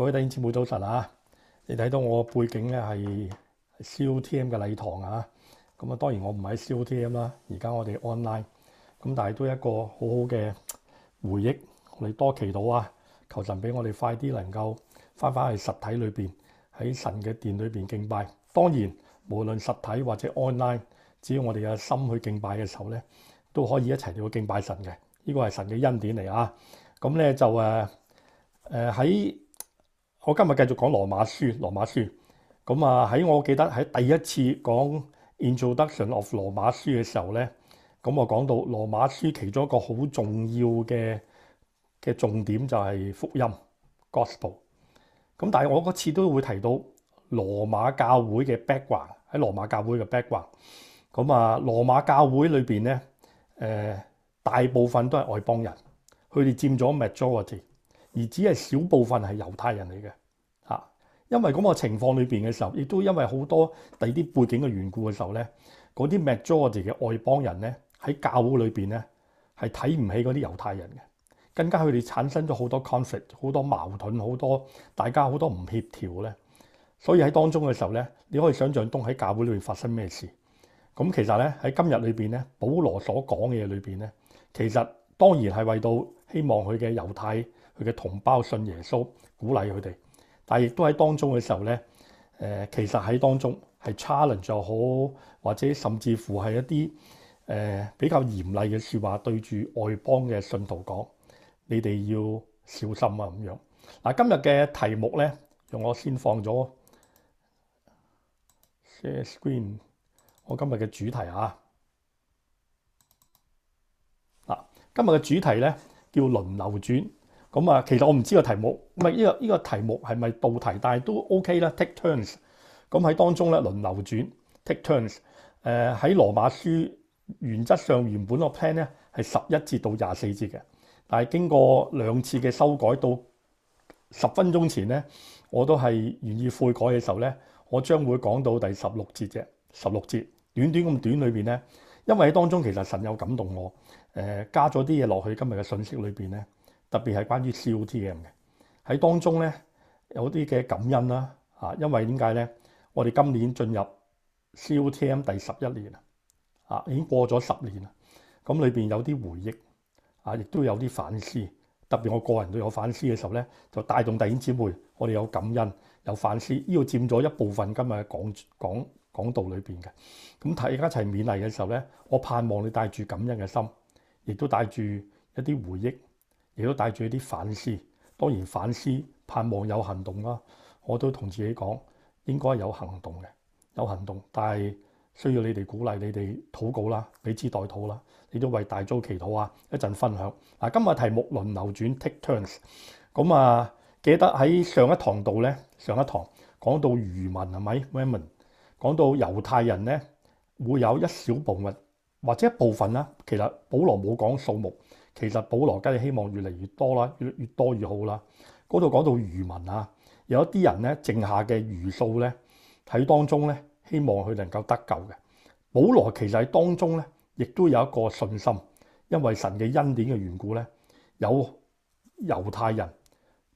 各位弟兄姊妹，早晨啊！你睇到我背景咧係 C.O.T.M. 嘅禮堂啊，咁啊當然我唔喺 C.O.T.M. 啦。而家我哋 online 咁，但係都一個好好嘅回憶。我哋多祈禱啊，求神俾我哋快啲能夠翻返去實體裏邊，喺神嘅殿裏邊敬拜。當然無論實體或者 online，只要我哋有心去敬拜嘅時候咧，都可以一齊去敬拜神嘅。呢、這個係神嘅恩典嚟啊！咁咧就誒誒喺。呃在我今日繼續講羅馬書，羅馬書咁啊！喺我記得喺第一次講 introduction of 羅馬書嘅時候咧，咁我講到羅馬書其中一個好重要嘅嘅重點就係福音 gospel。咁但係我嗰次都會提到羅馬教會嘅 background 喺羅馬教會嘅 background。咁啊，羅馬教會裏邊咧、呃，大部分都係外邦人，佢哋佔咗 majority。而只係小部分係猶太人嚟嘅嚇，因為咁個情況裏邊嘅時候，亦都因為好多第二啲背景嘅緣故嘅時候咧，嗰啲 majority 嘅外邦人咧喺教會裏邊咧係睇唔起嗰啲猶太人嘅，更加佢哋產生咗好多 concept，好多矛盾，好多大家好多唔協調咧。所以喺當中嘅時候咧，你可以想象到喺教會裏邊發生咩事咁。其實咧喺今日裏邊咧，保羅所講嘅嘢裏邊咧，其實當然係為到希望佢嘅猶太。佢嘅同胞信耶穌，鼓勵佢哋，但係亦都喺當中嘅時候咧，誒、呃，其實喺當中係 challenge 就好，或者甚至乎係一啲誒、呃、比較嚴厲嘅説話對住外邦嘅信徒講，你哋要小心啊咁樣。嗱，今日嘅題目咧，用我先放咗 share screen，我今日嘅主題啊，嗱，今日嘅主題咧叫輪流轉。咁啊，其實我唔知個題目咪呢、這個呢、這個、題目係咪道題，但係都 OK 啦。Take turns，咁喺當中咧輪流轉。Take turns，喺、呃、羅馬書原則上原本個 plan 咧係十一節到廿四節嘅，但係經過兩次嘅修改，到十分鐘前咧我都係願意悔改嘅時候咧，我將會講到第十六節啫。十六節短短咁短裏面咧，因為喺當中其實神有感動我，呃、加咗啲嘢落去今日嘅信息裏面咧。特別係關於 COTM 嘅喺當中咧，有啲嘅感恩啦嚇、啊，因為點解咧？我哋今年進入 COTM 第十一年啦，啊，已經過咗十年啦。咁裏邊有啲回憶啊，亦都有啲反思。特別我個人都有反思嘅時候咧，就帶動弟兄姊妹，我哋有感恩有反思，呢個佔咗一部分今日嘅講講講道裏邊嘅。咁、啊、睇一齊勉勵嘅時候咧，我盼望你帶住感恩嘅心，亦都帶住一啲回憶。亦都帶住啲反思，當然反思盼望有行動啦、啊。我都同自己講應該有行動嘅，有行動，但係需要你哋鼓勵你討，你哋禱告啦，你資代禱啦，你都為大眾祈禱啊！一陣分享嗱，今日題目輪流轉 take turns。咁啊，記得喺上一堂度咧，上一堂講到漁民係咪？講到猶太人咧，會有一小部分或者一部分啦。其實保羅冇講數目。其實保羅都希望越嚟越多啦，越越多越好啦。嗰度講到餘民啊，有一啲人咧剩下嘅餘數咧，喺當中咧希望佢能夠得救嘅。保羅其實喺當中咧，亦都有一個信心，因為神嘅恩典嘅緣故咧，有猶太人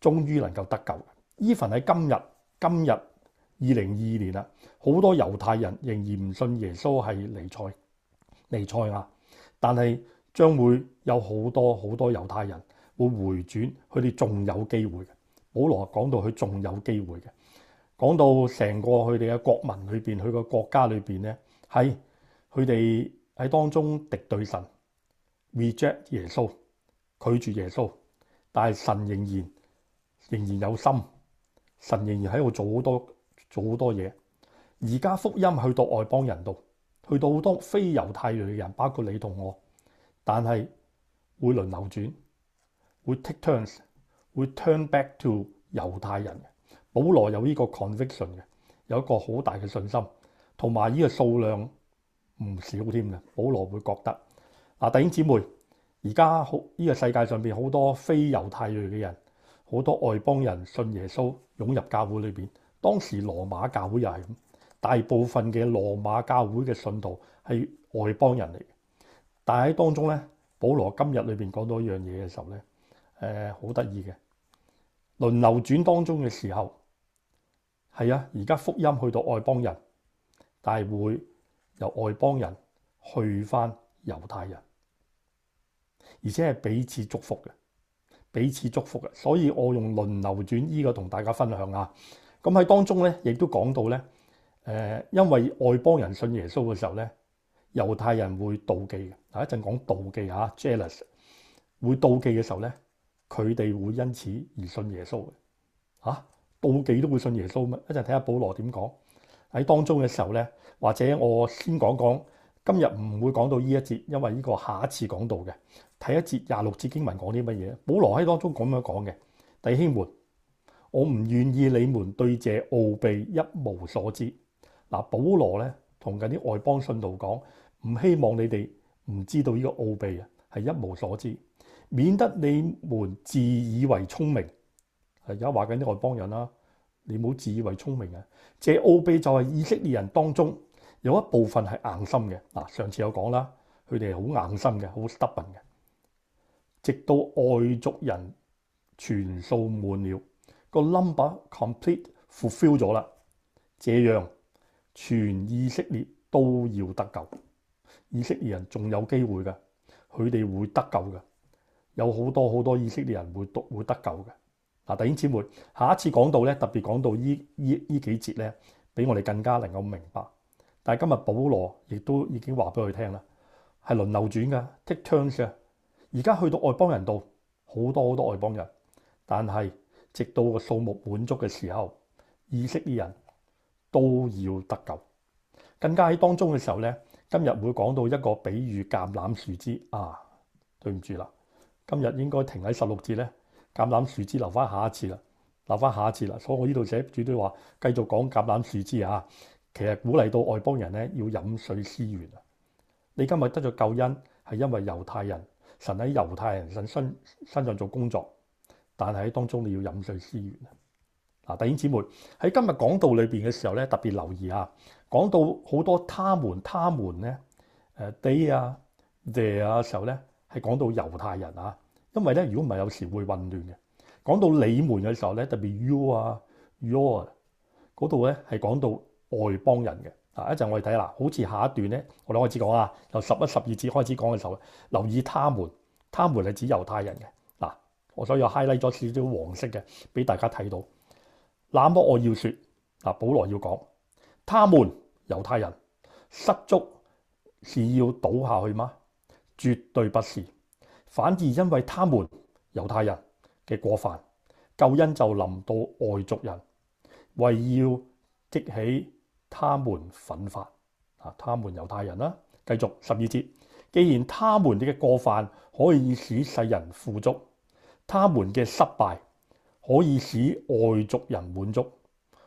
終於能夠得救。even 喺今日，今日二零二二年啦，好多猶太人仍然唔信耶穌係彌賽彌賽亞，但係，將會有好多好多猶太人會回轉，佢哋仲有機會嘅。保羅講到佢仲有機會嘅，講到成個佢哋嘅國民裏邊，佢個國家裏邊咧係佢哋喺當中敵對神，reject 耶穌，拒絕耶穌，但係神仍然仍然有心，神仍然喺度做好多做好多嘢。而家福音去到外邦人度，去到好多非猶太裔嘅人，包括你同我。但係會輪流轉，會 take turns，會 turn back to 猶太人。保羅有呢個 conviction 嘅，有一個好大嘅信心，同埋呢個數量唔少添嘅。保羅會覺得嗱，弟兄姊妹，而家好呢個世界上面好多非猶太裔嘅人，好多外邦人信耶穌，湧入教會裏面。當時羅馬教會又係咁，大部分嘅羅馬教會嘅信徒係外邦人嚟。但係當中咧，保羅今日裏邊講到一樣嘢嘅時候咧，誒、呃，好得意嘅，輪流轉當中嘅時候，係啊，而家福音去到外邦人，但係會由外邦人去翻猶太人，而且係彼此祝福嘅，彼此祝福嘅，所以我用輪流轉呢個同大家分享啊。咁喺當中咧，亦都講到咧，誒、呃，因為外邦人信耶穌嘅時候咧。猶太人會妒忌嘅嗱。一陣講妒忌嚇 jealous 會妒忌嘅時候咧，佢哋會因此而信耶穌嘅嚇，妒忌都會信耶穌咩？一陣睇下保羅點講喺當中嘅時候咧，或者我先講講今日唔會講到呢一節，因為呢個下一次講到嘅，睇一節廿六節經文講啲乜嘢？保羅喺當中咁樣講嘅，弟兄們，我唔願意你們對這奧秘一無所知嗱。保羅咧同緊啲外邦信徒講。唔希望你哋唔知道呢個奧秘啊，係一無所知，免得你們自以為聰明。而家話緊啲外邦人啦，你唔好自以為聰明啊。這奧秘就係以色列人當中有一部分係硬心嘅嗱。上次有講啦，佢哋係好硬心嘅，好 stubborn 嘅。直到外族人全數滿了個 number complete fulfil 咗啦，這樣全以色列都要得救。以色列人仲有機會嘅，佢哋會得救嘅。有好多好多以色列人會得會得救嘅。嗱，弟兄姊妹，下一次講到咧，特別講到呢呢呢幾節咧，俾我哋更加能夠明白。但係今日保羅亦都已經話俾佢聽啦，係輪流轉嘅 take turns 啊。而家去到外邦人度，好多好多外邦人，但係直到個數目滿足嘅時候，以色列人都要得救。更加喺當中嘅時候咧。今日會講到一個比喻橄欖樹，橄欖樹枝啊，對唔住啦，今日應該停喺十六節咧。橄欖樹枝留翻下一次啦，留翻下一次啦。所以我呢度寫住都話繼續講橄欖樹枝啊。其實鼓勵到外邦人咧要飲水思源啊。你今日得咗救恩係因為猶太人，神喺猶太人身身身上做工作，但係喺當中你要飲水思源。嗱，弟兄姊妹喺今日講到裏邊嘅時候咧，特別留意啊。講到好多他們、他們咧，誒 they 啊、they 啊嘅時候咧，係講到猶太人啊。因為咧，如果唔係，有時會混亂嘅。講到你們嘅時候咧，特別 you 啊、your 嗰度咧係講到外邦人嘅。啊，一陣我哋睇啦，好似下一段咧，我哋開始講啊，由十一十二節開始講嘅時候，留意他們，他們係指猶太人嘅嗱。我所以 highlight 咗少少黃色嘅俾大家睇到。那麼我要說，啊，保羅要講，他們猶太人失足是要倒下去嗎？絕對不是，反而因為他們猶太人嘅過犯，救恩就臨到外族人，為要激起他們奮發啊，他們猶太人啦。繼續十二節，既然他們嘅過犯可以使世人富足，他們嘅失敗。可以使外族人滿足，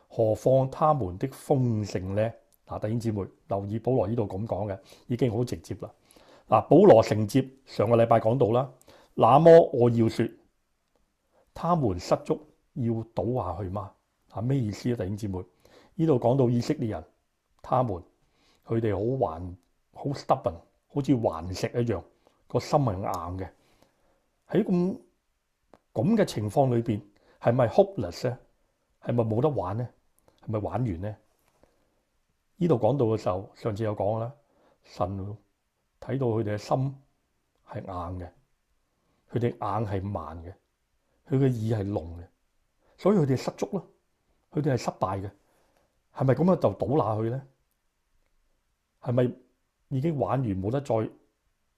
何況他們的豐盛呢？嗱，弟兄姊妹留意，保羅呢度咁講嘅已經好直接啦。嗱，保羅承接上個禮拜講到啦，那麼我要說，他們失足要倒下去嗎？啊，咩意思啊？弟兄姊妹，呢度講到以色列人，他們佢哋好頑好 stubborn，好似頑石一樣，個心係硬嘅，喺咁咁嘅情況裏邊。係咪 hopeless 咧？係咪冇得玩咧？係咪玩完咧？呢度講到嘅時候，上次有講啦，神睇到佢哋嘅心係硬嘅，佢哋眼係盲嘅，佢嘅耳係聾嘅，所以佢哋失足咯，佢哋係失敗嘅。係咪咁樣就倒下去咧？係咪已經玩完冇得再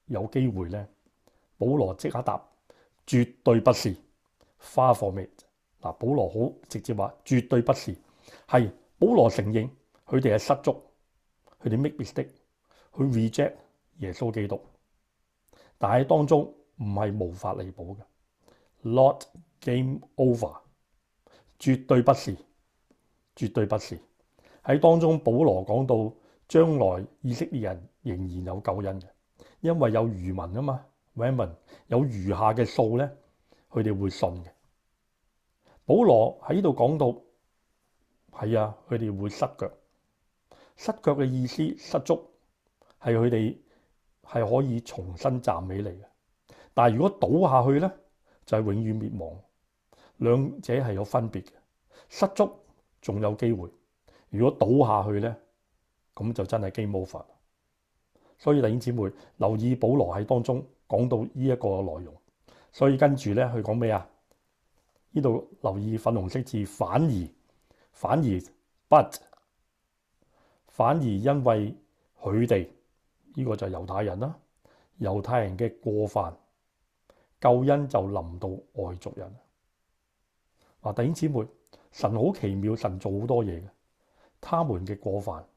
有機會咧？保羅即刻答：絕對不是，far from it？嗱，保羅好直接話，絕對不是。係保羅承認佢哋係失足，佢哋 make mistake，佢 reject 耶穌基督。但喺當中唔係無法彌補嘅，not game over。絕對不是，絕對不是。喺當中，保羅講到將來以色列人仍然有救恩嘅，因為有餘民啊嘛，remnant 有餘下嘅數呢，佢哋會信嘅。保羅喺呢度講到係啊，佢哋會失腳，失腳嘅意思失足，係佢哋係可以重新站起嚟嘅。但係如果倒下去呢，就係、是、永遠滅亡。兩者係有分別嘅。失足仲有機會，如果倒下去呢，咁就真係 game over。所以弟兄姊妹留意保羅喺當中講到呢一個內容，所以跟住呢，佢講咩啊？呢度留意粉紅色字，反而反而 but 反而因為佢哋呢個就係猶太人啦，猶太人嘅過犯，救恩就臨到外族人。話弟兄姊妹，神好奇妙，神做好多嘢。他們嘅過犯，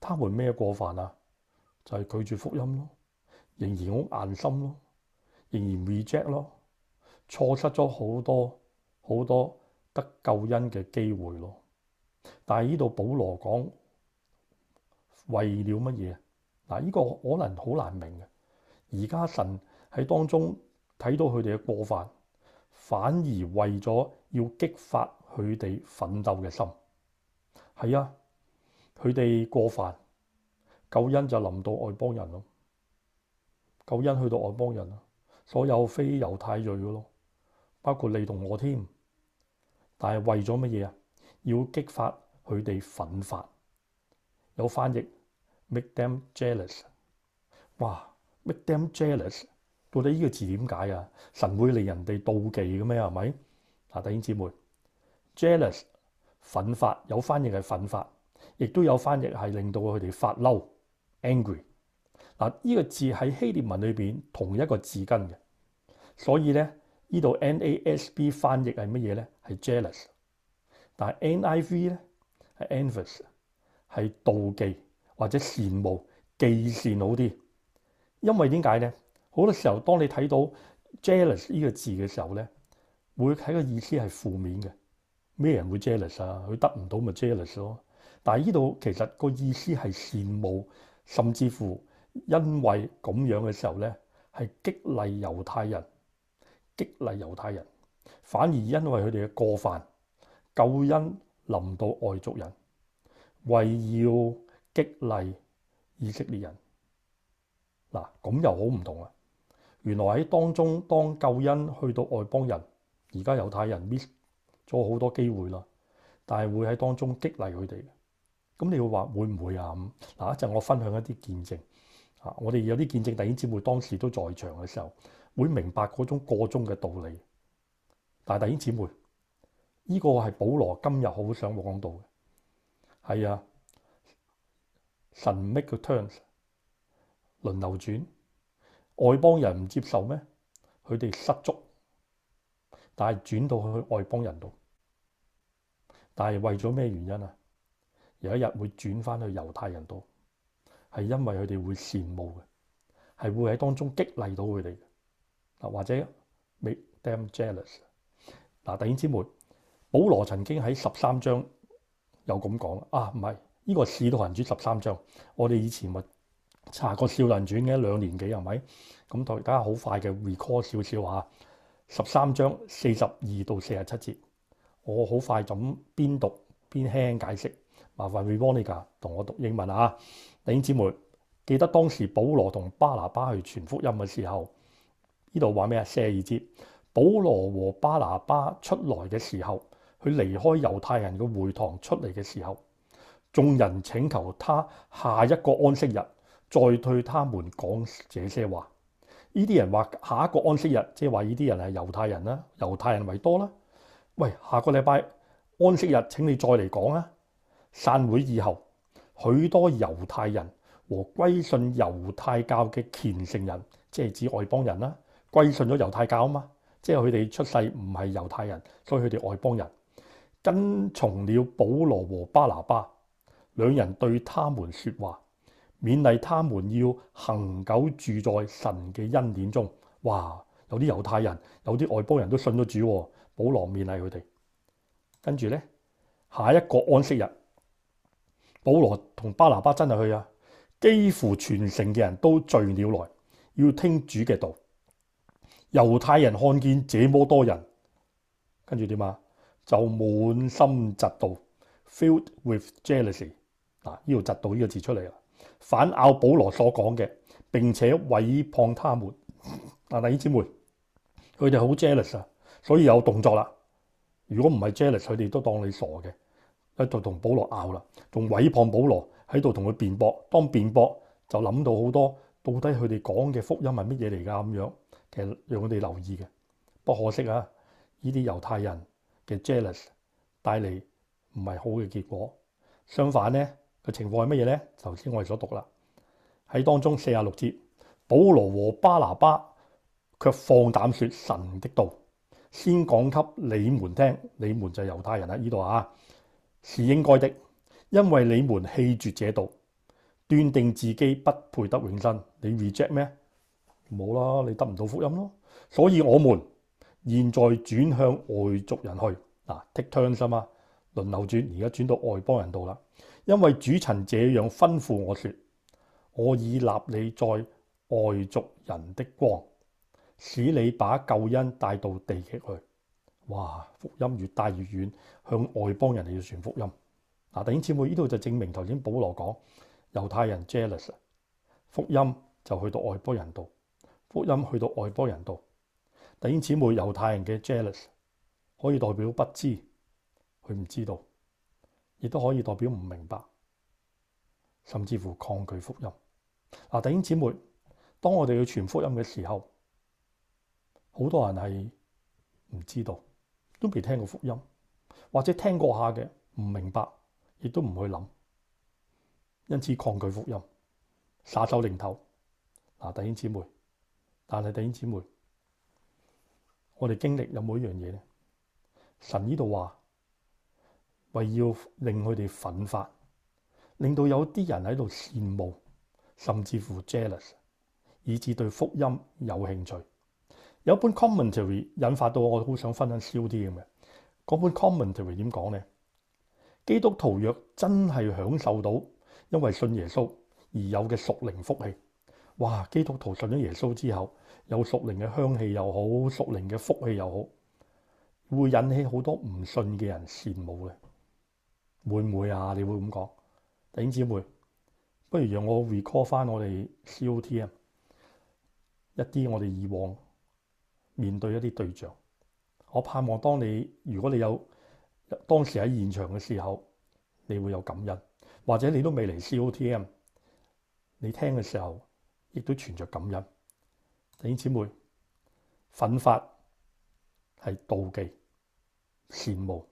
他們咩過犯啊？就係拒絕福音咯，仍然好硬心咯，仍然 reject 咯，錯失咗好多。好多得救恩嘅機會咯，但係呢度保羅講為了乜嘢？嗱，呢個可能好難明嘅。而家神喺當中睇到佢哋嘅過犯，反而為咗要激發佢哋奮鬥嘅心。係啊，佢哋過犯救恩就臨到外邦人咯，救恩去到外邦人啊，所有非猶太裔嘅咯，包括你同我添。但係為咗乜嘢？要激發佢哋憤發，有翻譯 make them jealous。哇，make them jealous。到底呢個字點解啊？神會令人哋妒忌嘅咩？係咪啊？弟兄姊妹，jealous 憤發，有翻譯係憤發，亦都有翻譯係令到佢哋發嬲 angry。嗱呢個字喺希臘文裏面同一個字根嘅，所以呢。呢度 NASB 翻譯係乜嘢咧？係 jealous，但係 NIV 咧係 envious 係妒忌或者羨慕、忌羨好啲。因為點解咧？好多時候當你睇到 jealous 呢個字嘅時候咧，會睇個意思係負面嘅。咩人會 jealous 啊？佢得唔到咪 jealous 咯。但係呢度其實個意思係羨慕，甚至乎因為咁樣嘅時候咧，係激勵猶太人。激勵猶太人，反而因為佢哋嘅過犯，救恩臨到外族人，為要激勵以色列人。嗱，咁又好唔同啊！原來喺當中，當救恩去到外邦人，而家猶太人 miss 咗好多機會啦，但係會喺當中激勵佢哋。咁你說會話會唔會啊？嗱，一陣我分享一啲見證。啊！我哋有啲見證弟兄姊妹當時都在場嘅時候，會明白嗰種箇中嘅道理。但係弟兄姊妹，呢個係保羅今日好想講到嘅。係啊，神 make turns 輪流轉，外邦人唔接受咩？佢哋失足，但係轉到去外邦人度。但係為咗咩原因啊？有一日會轉翻去猶太人度。係因為佢哋會羨慕嘅，係會喺當中激勵到佢哋嘅嗱，或者 make them jealous。嗱、啊，弟兄姊妹，保羅曾經喺十三章有咁講啊，唔係，呢、這個《使徒行傳》十三章，我哋以前咪查過少的《少林傳》嘅兩年幾係咪？咁大家好快嘅 recall 少少嚇，十三章四十二到四十七節，我好快就咁邊讀邊輕輕解釋。啊，雲會幫你噶，同我讀英文啊，嚇。弟兄姊妹記得當時保羅同巴拿巴去傳福音嘅時候，呢度話咩啊？四十二節，保羅和巴拿巴出來嘅時候，佢離開猶太人嘅會堂出嚟嘅時候，眾人請求他下一個安息日再對他們講這些話。呢啲人話下一個安息日，即係話呢啲人係猶太人啦，猶太人為多啦。喂，下個禮拜安息日請你再嚟講啊！散會以後，許多猶太人和歸信猶太教嘅虔誠人，即係指外邦人啦，歸信咗猶太教啊嘛，即係佢哋出世唔係猶太人，所以佢哋外邦人跟從了保羅和巴拿巴兩人對他們說話，勉勵他們要恒久住在神嘅恩典中。哇，有啲猶太人，有啲外邦人都信咗主，保羅勉勵佢哋。跟住呢，下一個安息日。保羅同巴拿巴真係去啊，幾乎全城嘅人都聚了來，要聽主嘅道。猶太人看見這麼多人，跟住點啊？就滿心嫉妒，filled with jealousy。嗱，呢度嫉妒呢個字出嚟啦，反咬保羅所講嘅，並且毀謗他們。但弟兄姐妹，佢哋好 jealous 啊，所以有動作啦。如果唔係 jealous，佢哋都當你傻嘅。喺度同保羅拗啦，仲毀謗保羅喺度同佢辯駁。當辯駁就諗到好多，到底佢哋講嘅福音係乜嘢嚟㗎？咁樣其實讓我哋留意嘅。不可惜啊，呢啲猶太人嘅 jealous 帶嚟唔係好嘅結果。相反咧個情況係乜嘢咧？頭先我哋所讀啦，喺當中四十六節，保羅和巴拿巴卻放膽説神的道，先講給你們聽。你們就係猶太人啦，呢度啊。是應該的，因為你們棄絕這道，斷定自己不配得永生，你 reject 咩？冇啦，你得唔到福音囉。所以我們現在轉向外族人去，啊 take turns 啊，輪流轉，而家轉到外邦人度啦。因為主曾這樣吩咐我說：我已立你在外族人的光，使你把救恩帶到地極去。哇！福音越大越遠，向外邦人嚟要傳福音嗱。弟兄姊妹，呢度就證明頭先保羅講猶太人 jealous，福音就去到外邦人度。福音去到外邦人度，弟兄姊妹，猶太人嘅 jealous 可以代表不知佢唔知道，亦都可以代表唔明白，甚至乎抗拒福音嗱。弟兄姊妹，當我哋要傳福音嘅時候，好多人係唔知道。都未聽過福音，或者聽過下嘅，唔明白，亦都唔去諗，因此抗拒福音，耍手擰頭。嗱、啊、弟兄姊妹，但係弟兄姊妹，我哋經歷有冇一樣嘢咧？神呢度話為要令佢哋奮發，令到有啲人喺度羨慕，甚至乎 jealous，以致對福音有興趣。有一本 commentary 引發到我好想分享 COT。咁嘅。嗰本 commentary 點講咧？基督徒若真係享受到因為信耶穌而有嘅屬靈福氣，哇！基督徒信咗耶穌之後，有屬靈嘅香氣又好，屬靈嘅福氣又好，會引起好多唔信嘅人羨慕嘅。會唔會啊？你會咁講？弟兄姊妹，不如讓我 recall 翻，我哋 COT 啊，一啲我哋以往。面對一啲對象，我盼望當你，如果你有當時喺現場嘅時候，你會有感恩，或者你都未嚟 COTM，你聽嘅時候亦都存着感恩。弟兄姊妹憤發，係妒忌、羨慕。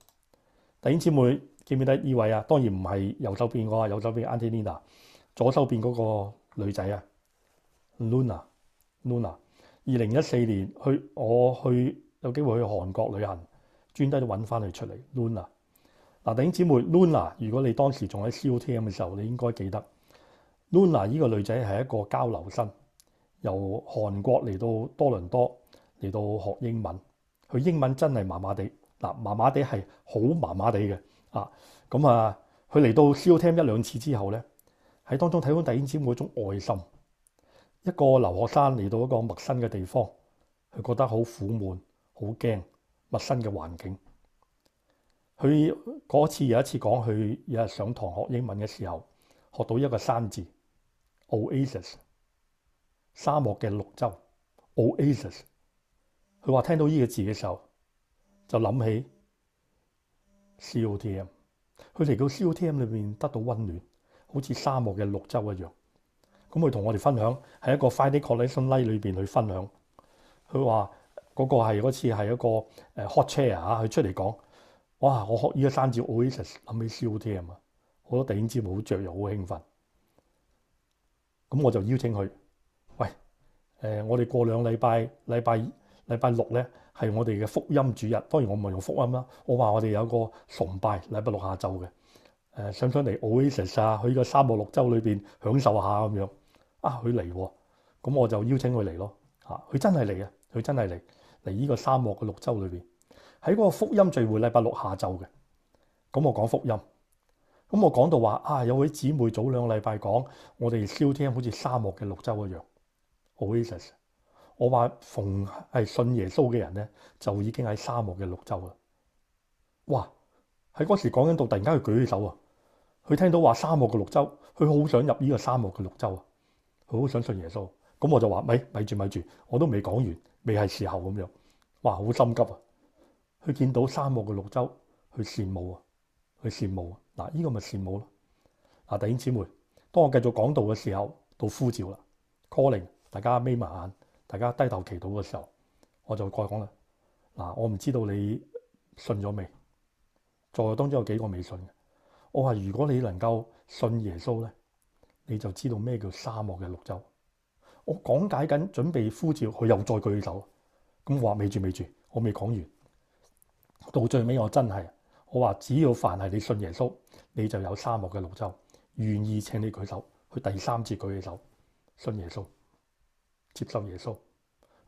弟兄姊妹記唔記得呢位啊？當然唔係右手邊嗰個，右手邊 Antonina，左手邊嗰個女仔啊，Luna，Luna。Luna, Luna, 二零一四年我去，我去有機會去韓國旅行，專登都揾翻佢出嚟。Luna 嗱，弟兄姊妹，Luna，如果你當時仲喺 COTM 嘅時候，你應該記得 Luna 呢個女仔係一個交流生，由韓國嚟到多倫多嚟到學英文，佢英文真係麻麻地，嗱麻麻地係好麻麻地嘅啊，咁啊，佢嚟到 COTM 一兩次之後咧，喺當中睇到弟兄姊妹一種愛心。一個留學生嚟到一個陌生嘅地方，佢覺得好苦悶、好驚，陌生嘅環境。佢嗰次有一次講，佢有日上堂學英文嘅時候，學到一個生字：Oasis 沙漠嘅綠洲 Oasis。佢話聽到呢個字嘅時候，就諗起 COTM。佢嚟到 COTM 裏面得到溫暖，好似沙漠嘅綠洲一樣。咁佢同我哋分享喺一個 Finding Collection Live 裏邊去分享，佢話嗰個係嗰次係一個 hot chair 嚇，佢出嚟講，哇！我學呢個生字 Oasis 諗起燒添啊，我多地點之母好著又好興奮。咁我就邀請佢，喂、呃、我哋過兩禮拜禮拜禮拜六咧係我哋嘅福音主日，當然我唔係用福音啦，我話我哋有個崇拜禮拜六下晝嘅誒，想唔想嚟 Oasis 啊？去個沙漠綠洲裏邊享受下咁樣。啊！佢嚟咁，我就邀請佢嚟咯。吓，佢真係嚟啊，佢真係嚟嚟呢個沙漠嘅綠洲裏面，喺嗰個福音聚會禮拜六下晝嘅。咁我講福音咁，我講到話啊，有位姊妹早兩個禮拜講，我哋燒天好似沙漠嘅綠洲一樣。好，Oasis，我話逢係信耶穌嘅人咧，就已經喺沙漠嘅綠洲啦。哇！喺嗰時講緊到，突然間佢舉起手啊，佢聽到話沙漠嘅綠洲，佢好想入呢個沙漠嘅綠洲啊。佢好想信耶穌，咁我就話咪咪住咪住，我都未講完，未係時候咁樣，哇好心急啊！去見到沙漠嘅綠洲，去羨慕啊，去羨慕啊！嗱，呢個咪羨慕咯！嗱，弟兄姊妹，當我繼續講道嘅時候，到呼召啦，calling，大家眯埋眼，大家低頭祈禱嘅時候，我就再講啦。嗱，我唔知道你信咗未？在當中有幾個未信嘅，我話如果你能夠信耶穌咧。你就知道咩叫沙漠嘅綠洲。我講解緊，準備呼召佢又再舉手。咁我話未住未住，我未講完。到最尾我真係，我話只要凡係你信耶穌，你就有沙漠嘅綠洲。願意請你舉手，去第三次舉起手，信耶穌，接受耶穌，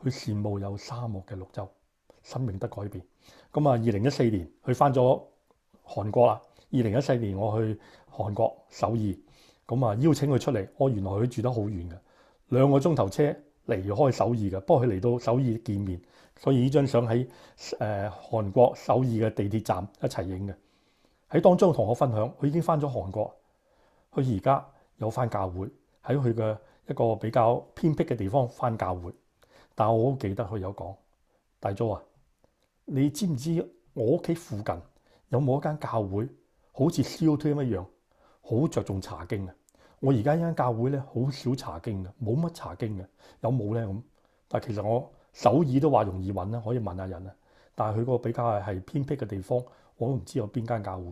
佢羨慕有沙漠嘅綠洲，生命得改變。咁啊，二零一四年佢返咗韓國啦。二零一四年我去韓國首爾。咁啊，邀請佢出嚟，我原來佢住得好遠嘅，兩個鐘頭車離開首爾嘅。不過佢嚟到首爾見面，所以呢張相喺誒韓國首爾嘅地鐵站一齊影嘅。喺當中同我分享，佢已經返咗韓國，佢而家有返教會，喺佢嘅一個比較偏僻嘅地方返教會。但我好記得佢有講，大 jo 啊，你知唔知我屋企附近有冇一間教會好似 COT 一樣，好着重查經啊。」我而家間教會咧好少查經嘅，冇乜查經嘅，有冇咧咁？但其實我首爾都話容易揾，可以問下人啊。但佢個比較係偏僻嘅地方，我都唔知有邊間教會。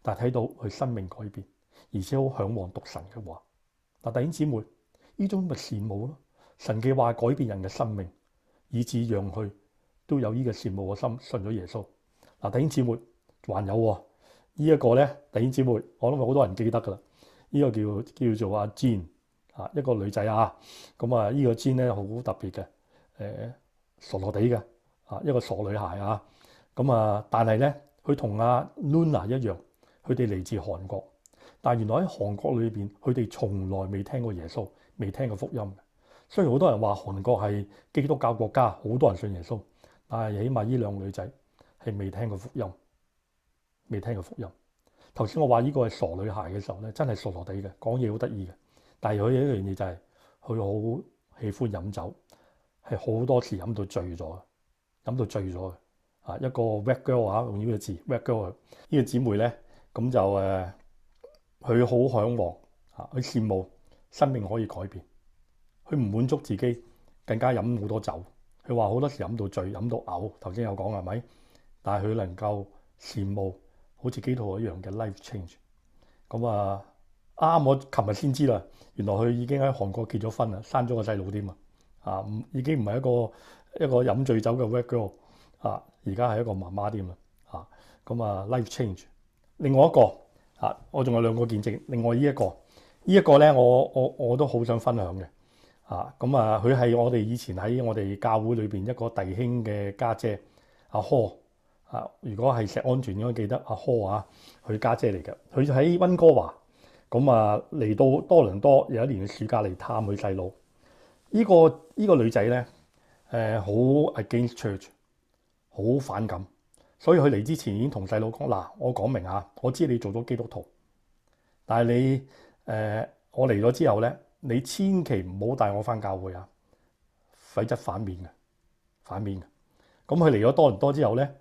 但睇到佢生命改變，而且好向往讀神嘅話。嗱，弟兄姊妹，呢種咪羨慕咯。神嘅話改變人嘅生命，以至讓佢都有呢個羨慕嘅心信，信咗耶穌。嗱，弟兄姊妹，還有喎、啊，這個、呢一個咧，弟兄姊妹，我都諗好多人記得㗎啦。呢個叫叫做阿 Jane 啊，一個女仔啊，咁啊，呢個 Jane 咧好特別嘅，誒傻傻地嘅啊，一個傻女孩啊，咁啊，但係咧佢同阿 Luna 一樣，佢哋嚟自韓國，但係原來喺韓國裏邊，佢哋從來未聽過耶穌，未聽過福音。雖然好多人話韓國係基督教國家，好多人信耶穌，但係起碼呢兩個女仔係未聽過福音，未聽過福音。頭先我話呢個係傻女孩嘅時候咧，真係傻傻地嘅，講嘢好得意嘅。但係佢有一樣嘢就係佢好喜歡飲酒，係好多時飲到醉咗，飲到醉咗嘅啊。一個 red girl 啊，用呢個字 red girl。這個、姐妹呢個姊妹咧，咁就誒佢好嚮往嚇，佢羨慕生命可以改變，佢唔滿足自己，更加飲好多酒。佢話好多時飲到醉，飲到嘔。頭先有講係咪？但係佢能夠羨慕。好似基督徒一樣嘅 life change，咁、嗯、啊啱我琴日先知啦，原來佢已經喺韓國結咗婚啦，生咗個細路添啊，唔已經唔係一個一個飲醉酒嘅 r g i r l 啊，而家係一個媽媽添啊，咁啊 life change。另外一個、啊、我仲有兩個見證，另外呢一個、這個、呢一個咧，我我我都好想分享嘅啊，咁、嗯、啊佢係我哋以前喺我哋教會裏面一個弟兄嘅家姐阿柯。啊！如果係《石安全應該記得阿柯啊，佢家姐嚟嘅，佢就喺溫哥華咁啊，嚟到多倫多有一年嘅暑假嚟探佢細佬。呢、呢個依、呢個女仔咧，誒好 against church，好反感，所以佢嚟之前已經同細佬講：嗱，我講明啊，我知你做咗基督徒，但係你誒、呃、我嚟咗之後咧，你千祈唔好帶我返教會啊，否則反面嘅，反面嘅。咁佢嚟咗多倫多之後咧。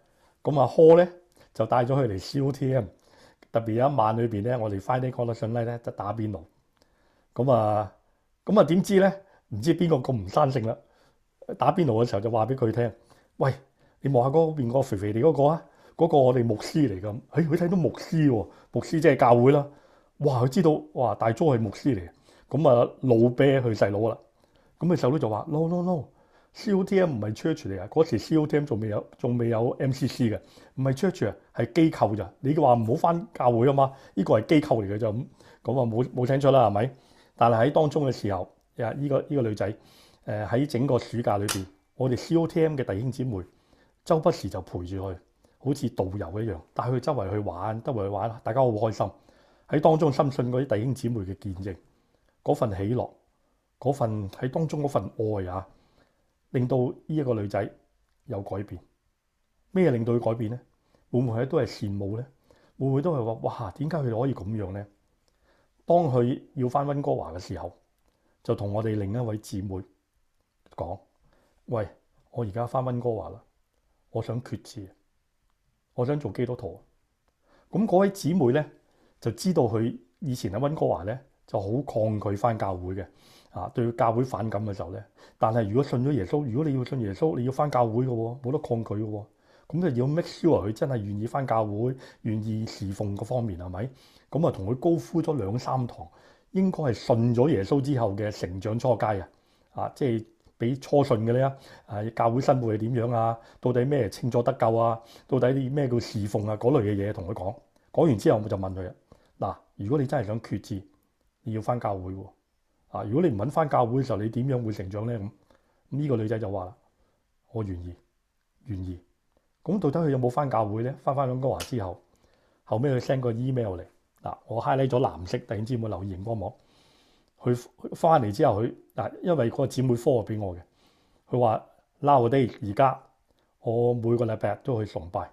咁阿柯咧就帶咗佢嚟 COTM，特別有一晚裡邊咧，我哋 find the collection 咧就打邊爐。咁啊，咁啊，點知咧？唔知邊個咁唔生性啦，打邊爐嘅時候就話俾佢聽：，喂，你望下嗰邊個肥肥地嗰個啊？嗰、那個我哋牧師嚟咁。哎、欸，佢睇到牧師喎、啊，牧師即係教會啦。哇，佢知道哇，大鐘係牧師嚟，咁啊老啤佢細佬啦。咁佢細佬就話 no no no。C.O.T.M 唔係 church 嚟啊！嗰時 C.O.T.M 仲未有，仲未有 M.C.C 嘅，唔係 church 啊，係機構咋？你話唔好返教會啊嘛？呢個係機構嚟嘅就咁咁啊，冇冇清楚啦？係咪？但係喺當中嘅時候，呀，呢個呢個女仔誒喺整個暑假裏邊，我哋 C.O.T.M 嘅弟兄姊妹周不時就陪住佢，好似導遊一樣帶佢周圍去玩，周圍去玩，大家好開心，喺當中深信嗰啲弟兄姊妹嘅見證，嗰份喜樂，嗰份喺當中嗰份愛啊！令到呢一個女仔有改變，咩令到佢改變呢？會唔會都係羨慕呢？會唔會都係話：「嘩，點解佢哋可以噉樣呢？」當佢要返温哥華嘅時候，就同我哋另一位姐妹講：「喂，我而家返温哥華喇，我想決志，我想做基督徒。噉嗰位姐妹呢，就知道佢以前喺温哥華呢。就好抗拒翻教會嘅啊，對教會反感嘅時候咧。但係如果信咗耶穌，如果你要信耶穌，你要翻教會嘅喎，冇得抗拒嘅喎。咁就要 make sure 佢真係願意翻教會、願意侍奉嗰方面係咪？咁啊，同佢高呼咗兩三堂，應該係信咗耶穌之後嘅成長初階啊。啊，即係俾初信嘅咧啊，教會生活係點樣啊？到底咩清楚得救啊？到底咩叫侍奉啊？嗰類嘅嘢同佢講講完之後，我就問佢：嗱、啊，如果你真係想決志。要翻教會喎，啊！如果你唔揾翻教會嘅時候，你點樣會成長呢？咁呢個女仔就話啦：我願意，願意。咁到底佢有冇翻教會呢？返返溫哥華之後，後尾佢 send 個 email 嚟嗱，我 highlight 咗藍色妹留言，大家知唔知我留意熒光幕？佢翻嚟之後，佢嗱，因為個姊妹 call 我俾我嘅，佢話 nowadays 而家我每個禮拜都去崇拜，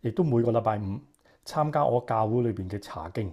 亦都每個禮拜五參加我教會裏面嘅查經。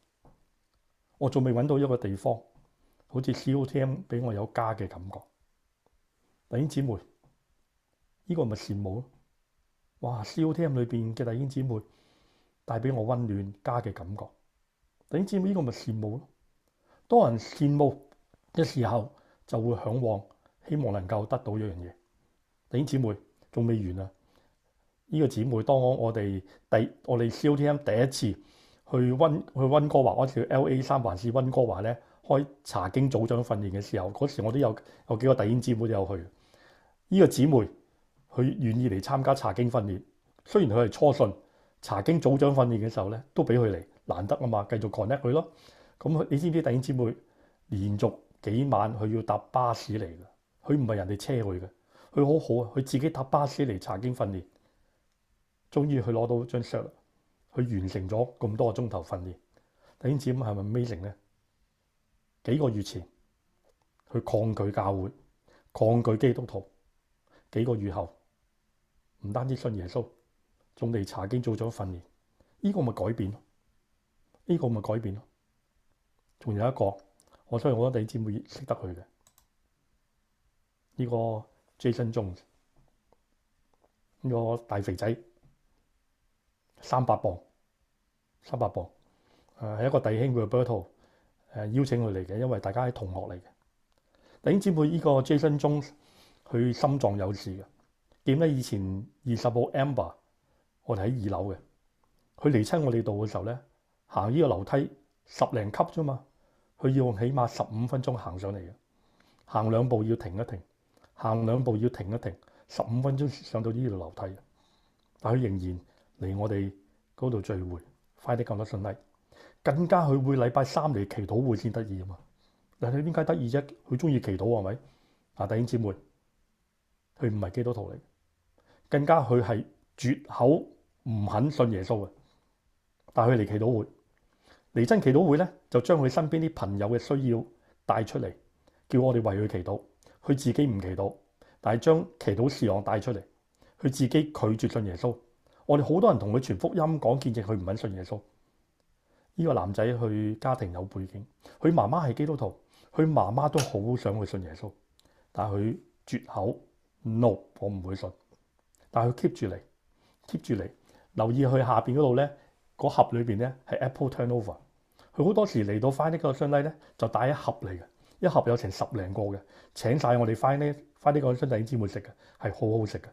我仲未揾到一個地方，好似 COTM 俾我有家嘅感覺。弟兄姊妹，呢個咪羨慕咯！哇，COTM 裏面嘅弟兄姊妹帶俾我溫暖家嘅感覺。弟兄姊妹，呢個咪羨慕咯！當人羨慕嘅時候就會嚮往，希望能夠得到一樣嘢。弟兄姊妹，仲未完啊！呢個姊妹當我哋第我哋 COTM 第一次。去温去温哥華嗰時，L A 三還是温哥華咧？開查經組長訓練嘅時候，嗰時候我都有有幾個弟兄姊妹都有去。呢、呢個姊妹佢願意嚟參加查經訓練，雖然佢係初信，查經組長訓練嘅時候咧，都俾佢嚟，難得啊嘛，繼續 connect 佢咯。咁、嗯、你知唔知弟兄姊妹連續幾晚佢要搭巴士嚟㗎？佢唔係人哋車去嘅，佢好好啊，佢自己搭巴士嚟查經訓練，終於佢攞到張 share 去完成咗咁多個鐘頭訓練，弟兄姐妹係咪 making 咧？幾個月前去抗拒教會、抗拒基督徒，幾個月後唔單止信耶穌，仲嚟查經做咗訓練，呢、這個咪改變咯！呢、這個咪改變咯！仲有一個，我相信好多弟兄姐妹識得佢嘅，呢、這個 Jason Jong，呢個大肥仔。三百磅，三百磅，誒係一個弟兄嘅 battle，誒邀請佢嚟嘅，因為大家係同學嚟嘅。弟兄姊妹，呢個 Jason 鐘佢心臟有事嘅點解？以前二十部 Amber 我哋喺二樓嘅，佢嚟親我哋度嘅時候咧，行呢個樓梯十零級啫嘛，佢要起碼十五分鐘行上嚟嘅，行兩步要停一停，行兩步要停一停，十五分鐘上到呢條樓梯，但佢仍然。嚟我哋嗰度聚會，快啲咁得順利，更加佢會禮拜三嚟祈禱會先得意啊嘛！你睇邊解得意啫？佢鍾意祈禱係咪？啊弟兄姊妹，佢唔係基督徒嚟，更加佢係絕口唔肯信耶穌嘅。帶佢嚟祈禱會，嚟真祈禱會咧，就將佢身邊啲朋友嘅需要帶出嚟，叫我哋為佢祈禱。佢自己唔祈禱，但係將祈禱事項帶出嚟，佢自己拒絕信耶穌。我哋好多人同佢傳福音講，講見證，佢唔肯信耶穌。呢、這個男仔佢家庭有背景，佢媽媽係基督徒，佢媽媽都好想佢信耶穌，但係佢絕口，no，我唔會信。但係佢 keep 住嚟，keep 住嚟，留意佢下邊嗰度咧，嗰盒裏邊咧係 apple turnover。佢好多時嚟到翻呢個箱底咧，就帶一盒嚟嘅，一盒有成十零個嘅，請晒我哋翻呢翻呢個箱底啲姊妹食嘅，係好好食嘅。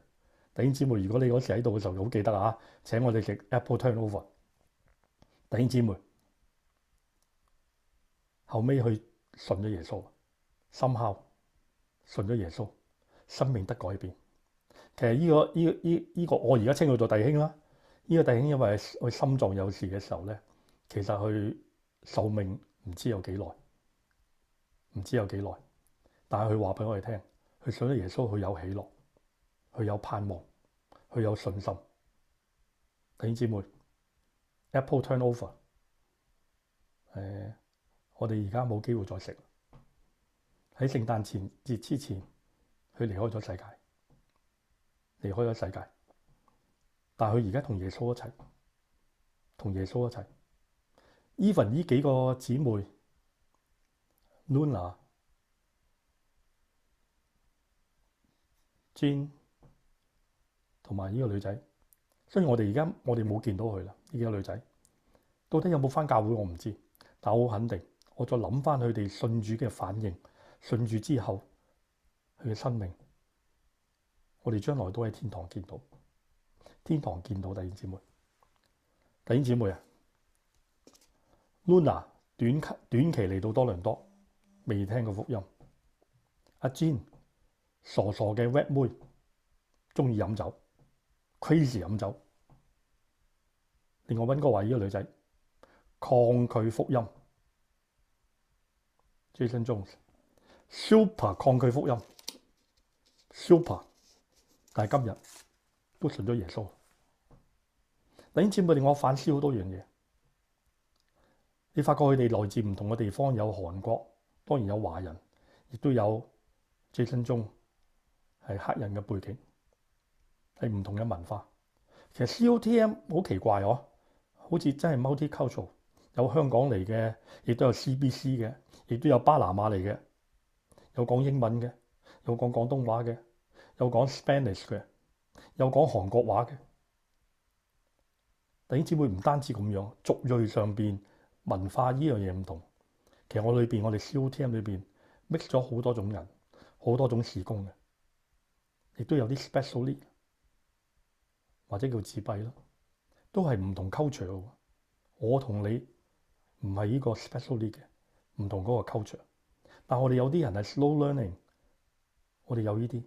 弟兄姊妹，如果你嗰時喺度嘅時候好記得啊！請我哋食 Apple Turnover。弟兄姊妹，後尾佢信咗耶穌，心孝信咗耶穌，生命得改變。其實依、呢個依依依個我而家稱佢做弟兄啦。呢、呢個弟兄因為佢心臟有事嘅時候咧，其實佢壽命唔知有幾耐，唔知有幾耐。但係佢話俾我哋聽，佢信咗耶穌，佢有喜樂，佢有盼望。佢有信心，弟兄姊妹，Apple turnover，呃，我哋而家冇機會再食。喺聖誕前節之前，佢離開咗世界，離開咗世界，但係佢而家同耶穌一齊，同耶穌一齊。Even，呢幾個姊妹，Luna，Jean 同埋呢個女仔，雖然我哋而家我哋冇見到佢啦。呢幾個女仔到底有冇返教會，我唔知。但我好肯定，我再諗返佢哋信主嘅反應，信主之後佢嘅生命，我哋將來都喺天堂見到。天堂見到，弟兄姊妹，弟兄姊妹啊，Luna 短期短期嚟到多倫多，未聽過福音。阿 Jean 傻傻嘅 Red 妹，鍾意飲酒。crazy 飲酒，令我溫哥華依個女仔抗拒福音，Jason Jones Super 抗拒福音，Super，但係今日都信咗耶穌。呢次咪令我反思好多樣嘢。你發覺佢哋來自唔同嘅地方，有韓國，當然有華人，亦都有 Jason Jones 係黑人嘅背景。係唔同嘅文化，其實 C O T M 好奇怪，哦，嗬，好似真係 multi-cultural，有香港嚟嘅，亦都有 C B C 嘅，亦都有巴拿馬嚟嘅，有講英文嘅，有講廣東話嘅，有講 Spanish 嘅，有講韓國話嘅。但啲姊妹唔單止咁樣，族裔上面文化呢樣嘢唔同。其實我裏面，我哋 C O T M 裏面 mix 咗好多種人，好多種事工嘅，亦都有啲 speciality。或者叫自閉囉，都係唔同 culture。我同你唔係呢個 specially 嘅唔同嗰個 culture。但我哋有啲人係 slow learning，我哋有呢啲，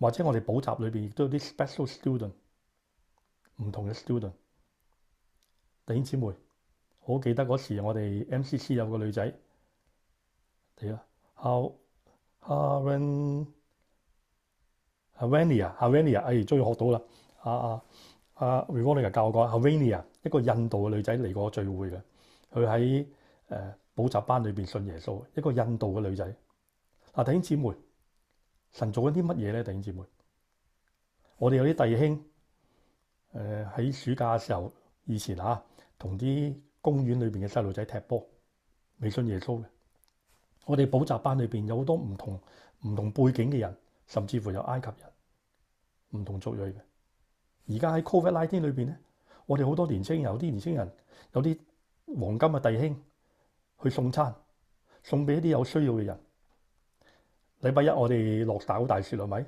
或者我哋補習裏面亦都有啲 special student，唔同嘅 student。弟兄姐妹，我好記得嗰時我哋 MCC 有個女仔，嚟啦，阿阿文阿文尼啊，阿文尼啊，哎終於學到喇。啊啊啊！Revolver 教我講 Haryana 一個印度嘅女仔嚟過聚會嘅。佢喺誒補習班裏邊信耶穌，一個印度嘅女仔嗱、呃。弟兄姊妹，神做緊啲乜嘢咧？弟兄姊妹，我哋有啲弟兄誒喺、呃、暑假嘅時候以前嚇同啲公園裏邊嘅細路仔踢波未信耶穌嘅。我哋補習班裏邊有好多唔同唔同背景嘅人，甚至乎有埃及人唔同族裔嘅。而家喺 Covid nineteen 裏邊咧，我哋好多年青人，有啲年青人有啲黃金嘅弟兄去送餐，送俾一啲有需要嘅人。禮拜一我哋落打好大雪，係咪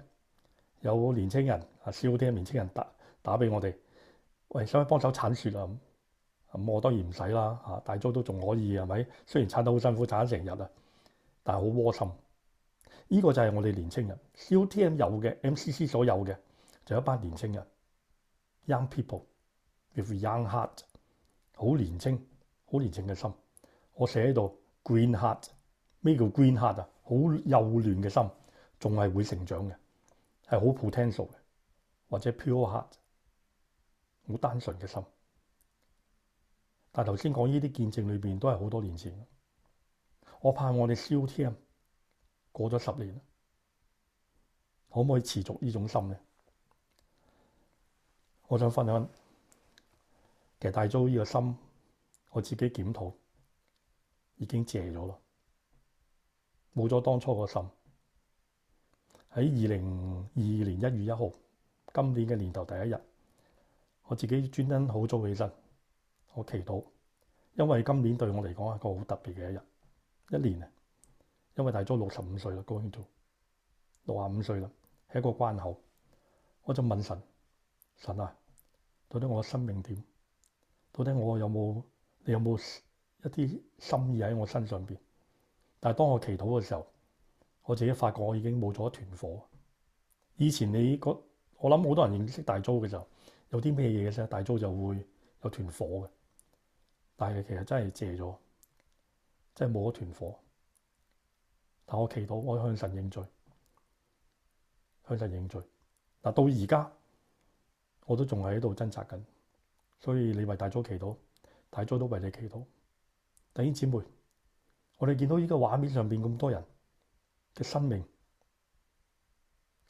有年青人啊？COTM 年青人打打俾我哋，喂，使唔使幫手鏟雪啊？咁、嗯嗯、我當然唔使啦嚇，大租都仲可以係咪？雖然鏟得好辛苦，鏟成日啊，但係好窩心。呢、這個就係我哋年青人，COTM 有嘅，MCC 所有嘅就有一班年青人。Young people with young heart，好年青，好年青嘅心。我寫到 green heart，咩叫 green heart 啊？好幼嫩嘅心，仲係會成長嘅，係好 potential 嘅，或者 pure heart，好單純嘅心。但係頭先講呢啲見證裏面都係好多年前。我怕我哋 COTM 過咗十年，可唔可以持續呢種心呢？我想分享，其實大周依個心，我自己檢討已經謝咗咯，冇咗當初個心。喺二零二二年一月一號，今年嘅年頭第一日，我自己專登好早起身，我祈禱，因為今年對我嚟講係一個好特別嘅一日，一年啊，因為大周六十五歲啦，高興到六十五歲啦，係一個關口，我就問神，神啊！到底我嘅生命點？到底我有冇有，你有冇有一啲心意喺我身上面？但係當我祈禱嘅時候，我自己發覺我已經冇咗一團火。以前你，我諗好多人認識大租嘅時候，有啲咩嘢嘅啫？大租就會有團火嘅，但係其實真係借咗，真係冇咗團火。但我祈禱，我向神認罪，向神認罪。但到而家。我都仲喺度掙扎緊，所以你為大咗祈禱，大咗都為你祈禱。弟兄姊妹，我哋見到依個畫面上面咁多人嘅生命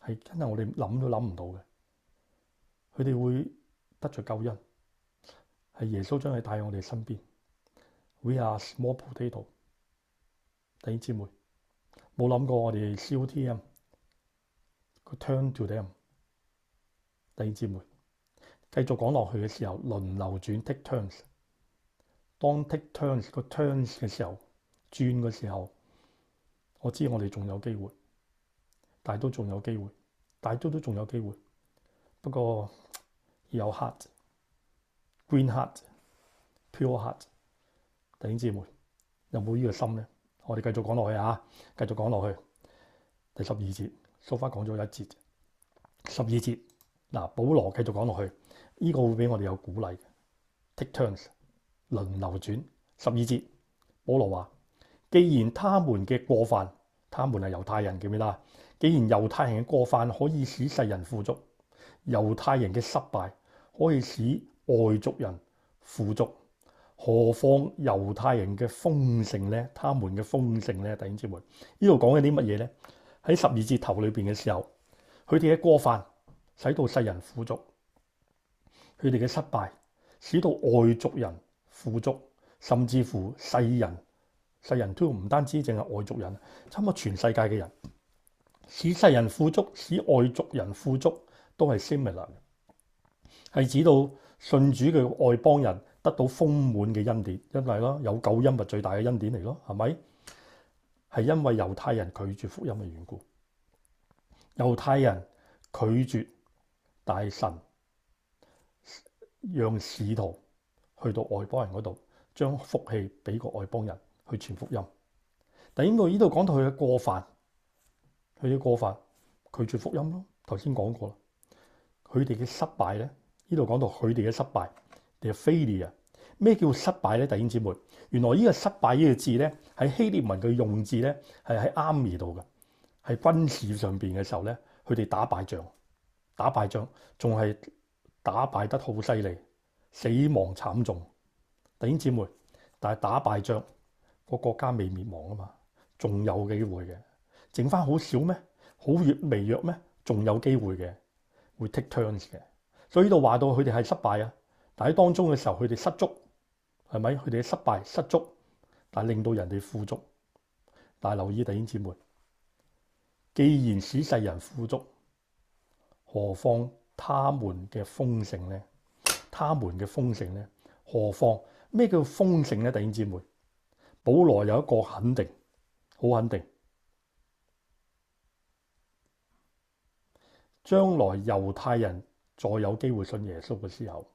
係真係我哋諗都諗唔到嘅，佢哋會得着救恩，係耶穌將佢帶喺我哋身邊。We are small potato。弟兄姊妹，冇諗過我哋 COTM 個 turn to them。弟兄姊妹。繼續講下去的時候，輪流轉 take turns。當 take turns 個 turns 的時候，轉的時候，我知道我們還有機會，但都還有機會，但都都仲有機會。不過有 heart，green heart，pure heart。Heart, heart, 弟兄姊妹有沒有這個心呢？我們繼續講下去啊！繼續講下去，第十二節，蘇花講咗一節，十二節嗱，保羅繼續講下去。呢個會俾我哋有鼓勵嘅，take turns 輪流轉。十二節，保羅話：既然他們嘅過犯，他們係猶太人，記唔記得啊？既然猶太人嘅過犯可以使世人富足，猶太人嘅失敗可以使外族人富足，何況猶太人嘅豐盛咧？他們嘅豐盛咧，弟兄姊妹，呢度講緊啲乜嘢咧？喺十二節頭裏邊嘅時候，佢哋嘅過犯使到世人富足。佢哋嘅失敗，使到外族人富足，甚至乎世人、世人，都唔單止淨係外族人，差唔多全世界嘅人，使世人富足，使外族人富足，都係 similar 嘅，係指到信主嘅外邦人得到豐滿嘅恩典，因為咯有救恩係最大嘅恩典嚟咯，係咪？係因為猶太人拒絕福音嘅緣故，猶太人拒絕大神。讓使徒去到外邦人嗰度，將福氣俾個外邦人去傳福音。弟兄哋呢度講到佢嘅過犯，佢嘅過犯拒絕福音咯。頭先講過啦，佢哋嘅失敗咧，呢度講到佢哋嘅失敗，叫 failure。咩叫失敗咧？弟兄姐妹，原來呢個失敗呢個字咧，喺希臘文嘅用字咧，係喺 army 度嘅，喺軍事上邊嘅時候咧，佢哋打敗仗，打敗仗仲係。還是打敗得好犀利，死亡慘重，弟兄姊妹，但係打敗仗個國家未滅亡啊嘛，仲有機會嘅，剩翻好少咩？好弱微弱咩？仲有機會嘅，會 take turns 嘅，所以呢度話到佢哋係失敗啊，但係當中嘅時候佢哋失足，係咪？佢哋失敗失足，但係令到人哋富足，但係留意弟兄姊妹，既然使世人富足，何況？他們嘅豐盛呢？他們嘅豐盛呢？何況咩叫豐盛呢？弟兄姊妹，保羅有一個肯定，好肯定，將來猶太人再有機會信耶穌嘅時候，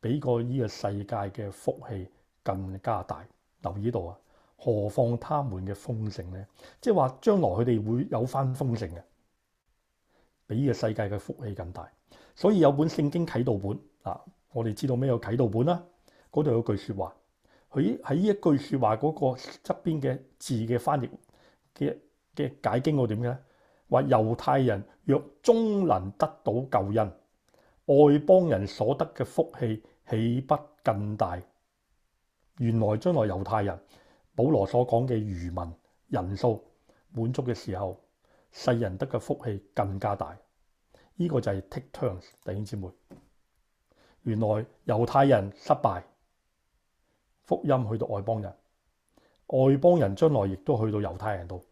比個呢個世界嘅福氣更加大。留意到啊，何況他們嘅豐盛呢？即係話將來佢哋會有翻豐盛嘅，比呢個世界嘅福氣更大。所以有本聖經啟導本，我哋知道咩叫啟導本啦？嗰度有句説話，喺喺呢句説話嗰個側邊嘅字嘅翻譯嘅解經我點嘅咧？話猶太人若終能得到救恩，外邦人所得嘅福氣豈不更大？原來將來猶太人，保羅所講嘅愚民人數滿足嘅時候，世人得嘅福氣更加大。呢個就係 tick tock，弟兄姐妹。原來猶太人失敗，福音去到外邦人，外邦人將來亦都去到猶太人度，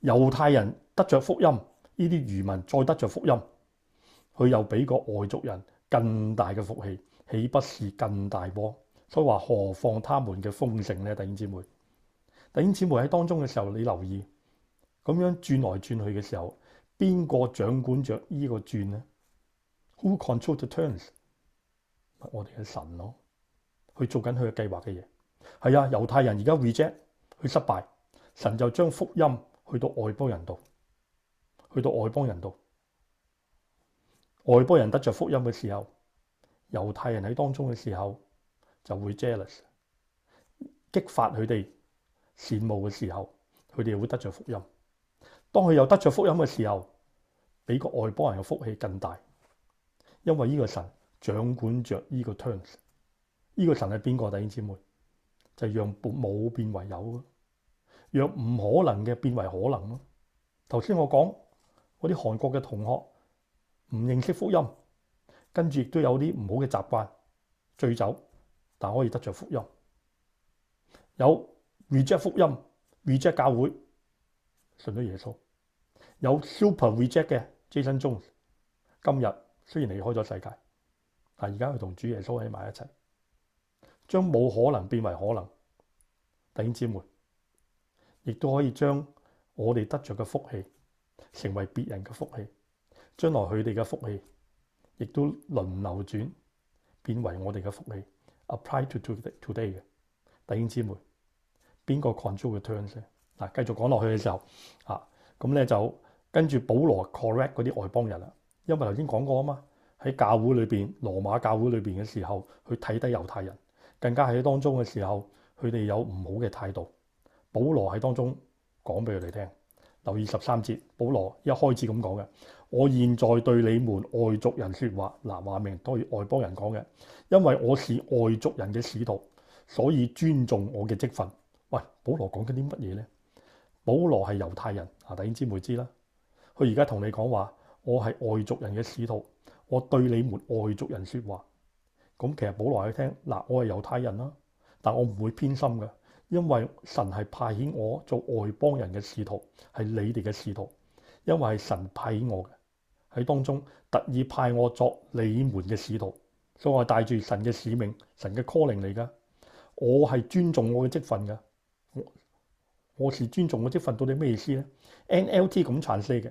猶太人得着福音，呢啲漁民再得着福音，佢又比個外族人更大嘅福氣，豈不是更大波？所以話何況他們嘅豐盛呢？弟兄姊妹。弟兄姊妹喺當中嘅時候，你留意這樣轉來轉去嘅時候。邊個掌管着呢個轉呢？Who control the turns？是我哋嘅神咯，去做緊佢嘅計劃嘅嘢。係啊，猶太人而家 reject，佢失敗，神就將福音去到外邦人度，去到外邦人度。外邦人得着福音嘅時候，猶太人喺當中嘅時候就會 jealous，激發佢哋羨慕嘅時候，佢哋會得着福音。當佢有得着福音嘅時候，比個外邦人嘅福氣更大，因為呢個神掌管着呢個 turns，呢個神係邊個？弟兄姊妹，就是、讓無變為有，讓唔可能嘅變為可能咯。頭先我講嗰啲韓國嘅同學，唔認識福音，跟住亦都有啲唔好嘅習慣，醉酒，但可以得着福音。有 reject 福音，reject 教會，信咗耶穌。有 super reject 嘅 Jason Jones，今日雖然離開咗世界，但而家佢同主耶穌喺埋一齊，將冇可能變為可能。弟兄姊妹，亦都可以將我哋得着嘅福氣成為別人嘅福氣，將來佢哋嘅福氣亦都輪流轉變為我哋嘅福氣。Apply to today 嘅弟兄姊妹，邊個 control returns 嗱？繼續講落去嘅時候啊，噉你就。跟住保羅 correct 嗰啲外邦人啦，因為頭先講過啊嘛，喺教會裏面，羅馬教會裏面嘅時候，佢睇低猶太人，更加喺當中嘅時候，佢哋有唔好嘅態度。保羅喺當中講俾佢哋聽，留意十三節，保羅一開始咁講嘅，我現在對你們外族人說話，嗱話明對外邦人講嘅，因為我是外族人嘅使徒，所以尊重我嘅職分。喂，保羅講緊啲乜嘢咧？保羅係猶太人，大家弟兄姊妹知唔知啦。佢而家同你講話，我係外族人嘅使徒，我對你們外族人說話。咁其實保羅去聽，嗱我係猶太人啦，但我唔會偏心㗎！因為神係派遣我做外邦人嘅使徒，係你哋嘅使徒，因為係神派遣我嘅喺當中，特意派我作你們嘅使徒，所以我係帶住神嘅使命、神嘅 calling 嚟噶。我係尊重我嘅職份噶，我是尊重我，職份，我，我，尊重我職份到底咩意思咧？NLT 咁殘死嘅。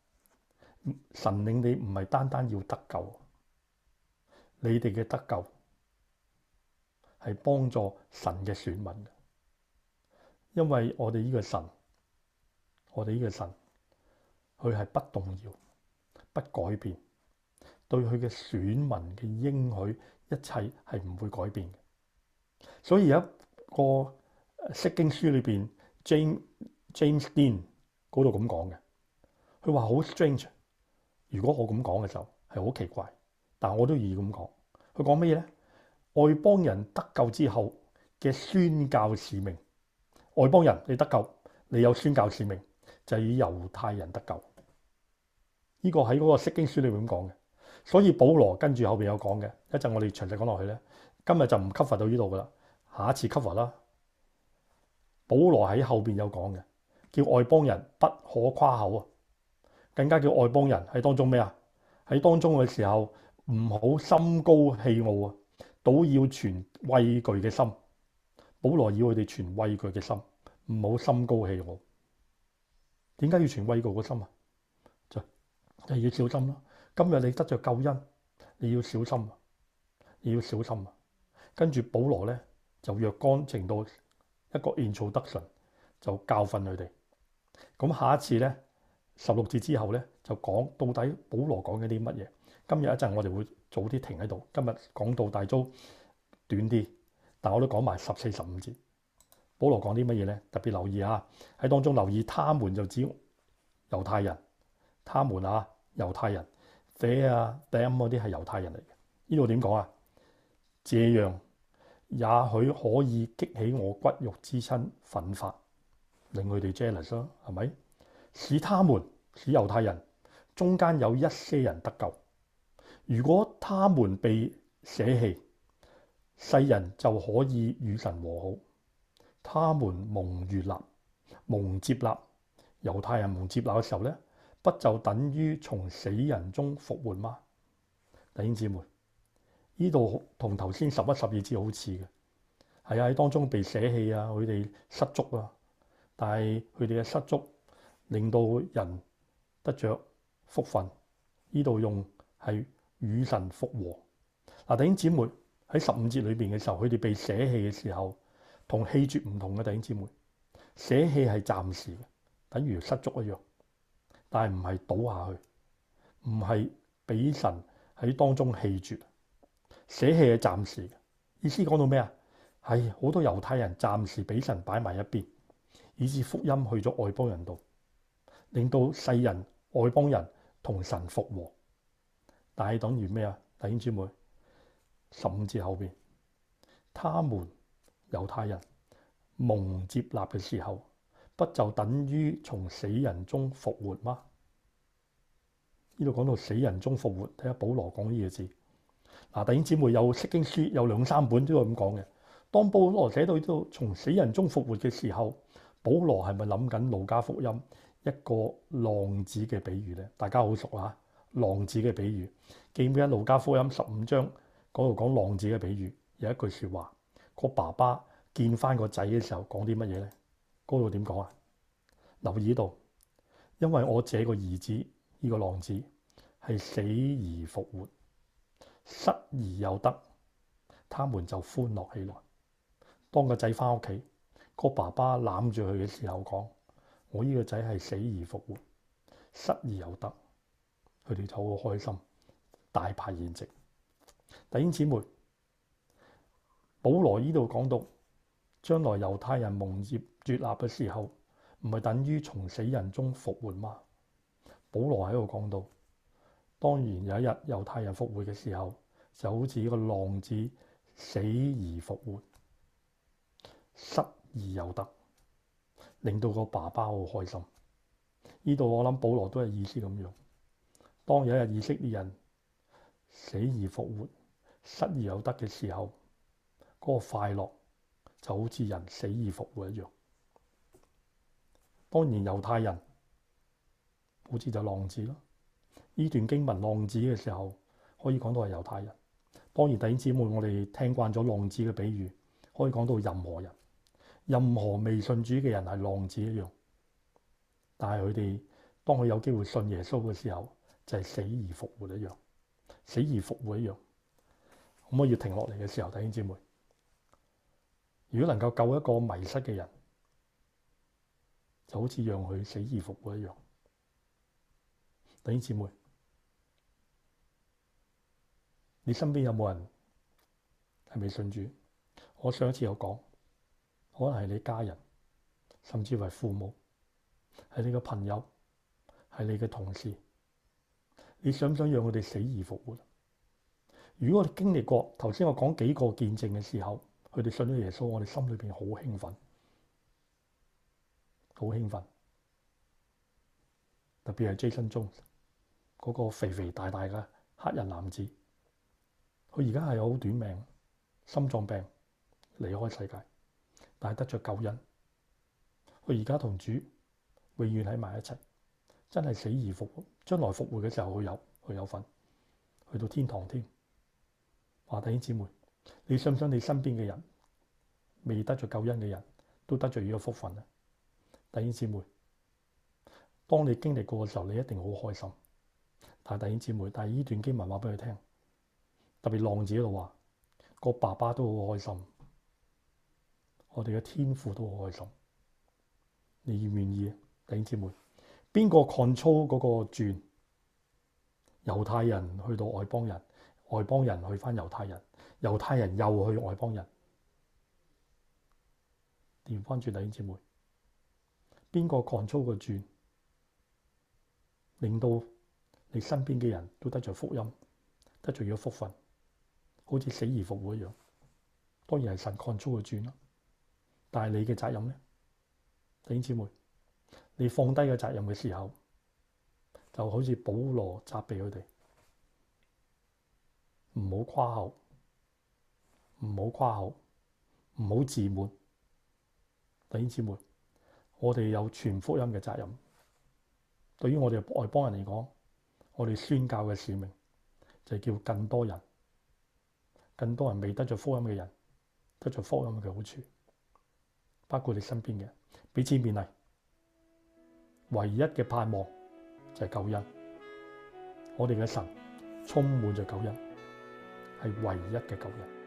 神領你唔係單單要得救，你哋嘅得救係幫助神嘅選民的。因為我哋呢個神，我哋呢個神，佢係不動搖、不改變，對佢嘅選民嘅應許，一切係唔會改變。所以有一個釋經書裏邊，James James Dean 嗰度咁講嘅，佢話好 strange。如果我咁講嘅時候係好奇怪，但我都易咁講。佢講咩嘢咧？外邦人得救之後嘅宣教使命，外邦人你得救，你有宣教使命，就係以猶太人得救。呢個喺嗰個《聖經書》裏面講嘅。所以保羅跟住後面有講嘅，一陣我哋詳細講落去呢，今日就唔 cover 到呢度㗎啦，下一次 cover 啦。保羅喺後面有講嘅，叫外邦人不可誇口。更加叫外邦人喺當中咩啊？喺當中嘅時候唔好心高氣傲啊，都要存畏懼嘅心。保羅要佢哋存畏懼嘅心，唔好心高氣傲。點解要存畏懼嘅心，心啊？就要小心啦。今日你得着救恩，你要小心啊，你要小心啊。跟住保羅呢，就若干程度一個言措得神，就教訓佢哋。咁下一次呢。十六節之後咧，就講到底保羅講緊啲乜嘢。今日一陣我哋會早啲停喺度。今日講道大租短啲，但我都講埋十四十五節。保羅講啲乜嘢咧？特別留意啊，喺當中留意他們就指猶太人，他們啊猶太人，這啊 them 嗰啲係猶太人嚟嘅。呢度點講啊？這樣也許可以激起我骨肉之親憤發，令佢哋 jealous 咯、啊，係咪？使他們，使猶太人中間有一些人得救。如果他們被捨棄，世人就可以與神和好。他們蒙悅納、蒙接納，猶太人蒙接納嘅時候呢，不就等於從死人中復活嗎？弟兄姊妹，呢度同頭先十一十二節好似嘅，係啊，喺當中被捨棄啊，佢哋失足啊，但係佢哋嘅失足。但他們的失足令到人得着福分，呢度用係與神復和嗱。弟兄姊妹喺十五節裏邊嘅時候，佢哋被捨棄嘅時候，同棄絕唔同嘅弟兄姊妹，捨棄係暫時嘅，等於失足一樣，但係唔係倒下去，唔係俾神喺當中棄絕，捨棄係暫時嘅意思。講到咩啊？係好多猶太人暫時俾神擺埋一邊，以至福音去咗外邦人度。令到世人外邦人同神復和，但係等於咩啊？弟兄姊妹，十五字後邊，他們猶太人蒙接納嘅時候，不就等於從死人中復活嗎？呢度講到死人中復活，睇下保羅講呢嘢字嗱。弟兄姊妹有《釋經書》有兩三本都係咁講嘅。當保羅寫到呢度從死人中復活嘅時候，保羅係咪諗緊《路加福音》？一個浪子嘅比喻，大家好熟啊！浪子嘅比喻，記唔記得《路加福音》十五章嗰度講浪子嘅比喻？有一句說話，個爸爸見返個仔嘅時候講啲乜嘢呢？嗰度點講啊？留意到，因為我這個兒子，這個浪子係死而復活，失而有得，他們就歡樂起來。當個仔返屋企，個爸爸攬住佢嘅時候講。我呢個仔係死而復活，失而有得，佢哋就好開心，大排筵席。弟兄姊妹，保羅呢度講到，將來猶太人蒙召絕立嘅時候，唔係等於從死人中復活嗎？保羅喺度講到，當然有一日猶太人復活嘅時候，就好似個浪子死而復活，失而有得。令到個爸爸好開心，呢度我諗保羅都係意思咁樣。當有一日以色列人死而復活、失而有得嘅時候，嗰、那個快樂就好似人死而復活一樣。當然猶太人好似就是浪子咯，呢段經文浪子嘅時候可以講到係猶太人。當然弟兄姊妹，我哋聽慣咗浪子嘅比喻，可以講到任何人。任何未信主嘅人係浪子一樣，但係佢哋當佢有機會信耶穌嘅時候，就係、是、死而復活一樣，死而復活一樣。可唔可以停落嚟嘅時候，弟兄姊妹，如果能夠救一個迷失嘅人，就好似讓佢死而復活一樣。弟兄姊妹，你身邊有冇人係未信主？我上一次有講。可能係你家人，甚至係父母，係你個朋友，係你嘅同事。你想唔想讓佢哋死而復活？如果我哋經歷過頭先，剛才我講幾個見證嘅時候，佢哋信咗耶穌，我哋心裏面好興奮，好興奮。特別係 Jason 中嗰個肥肥大大嘅黑人男子，佢而家係有好短命，心臟病離開世界。但係得着救恩，佢而家同主永遠喺埋一齊，真係死而復活。將來復活嘅時候，佢有，佢有佢有份，去到天堂添。話弟兄姐妹，你想唔想你身邊嘅人未得着救恩嘅人都得着呢個福分？弟兄姐妹，當你經歷過嘅時候，你一定好開心。但係弟兄姐妹，但係呢段經文話畀佢聽，特別浪子嗰度話，個爸爸都好開心。我哋嘅天父都好開心，你願唔願意啊？弟兄姐妹，邊個 control 嗰個轉？猶太人去到外邦人，外邦人去返猶太人，猶太人又去外邦人，點返轉？弟兄姐妹，邊個 control 個轉，令到你身邊嘅人都得著福音，得著咗福分，好似死而復活一樣。當然係神 control 個轉啦。但係你嘅責任呢？弟兄姊妹，你放低個責任嘅時候，就好似保羅責備佢哋，唔好誇口，唔好誇口，唔好自滿。弟兄姊妹，我哋有全福音嘅責任。對於我哋外邦人嚟講，我哋宣教嘅使命就係叫更多人、更多人未得著福音嘅人得著福音嘅好處。包括你身邊嘅彼此勉勵，唯一嘅盼望就係救恩。我哋嘅神充滿著救恩，係唯一嘅救恩。